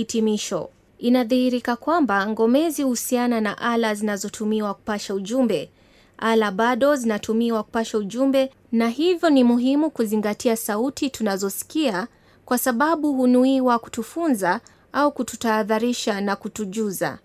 Hitimisho, inadhihirika kwamba ngomezi huhusiana na ala zinazotumiwa kupasha ujumbe. Ala bado zinatumiwa kupasha ujumbe, na hivyo ni muhimu kuzingatia sauti tunazosikia kwa sababu hunuiwa kutufunza au kututahadharisha na kutujuza.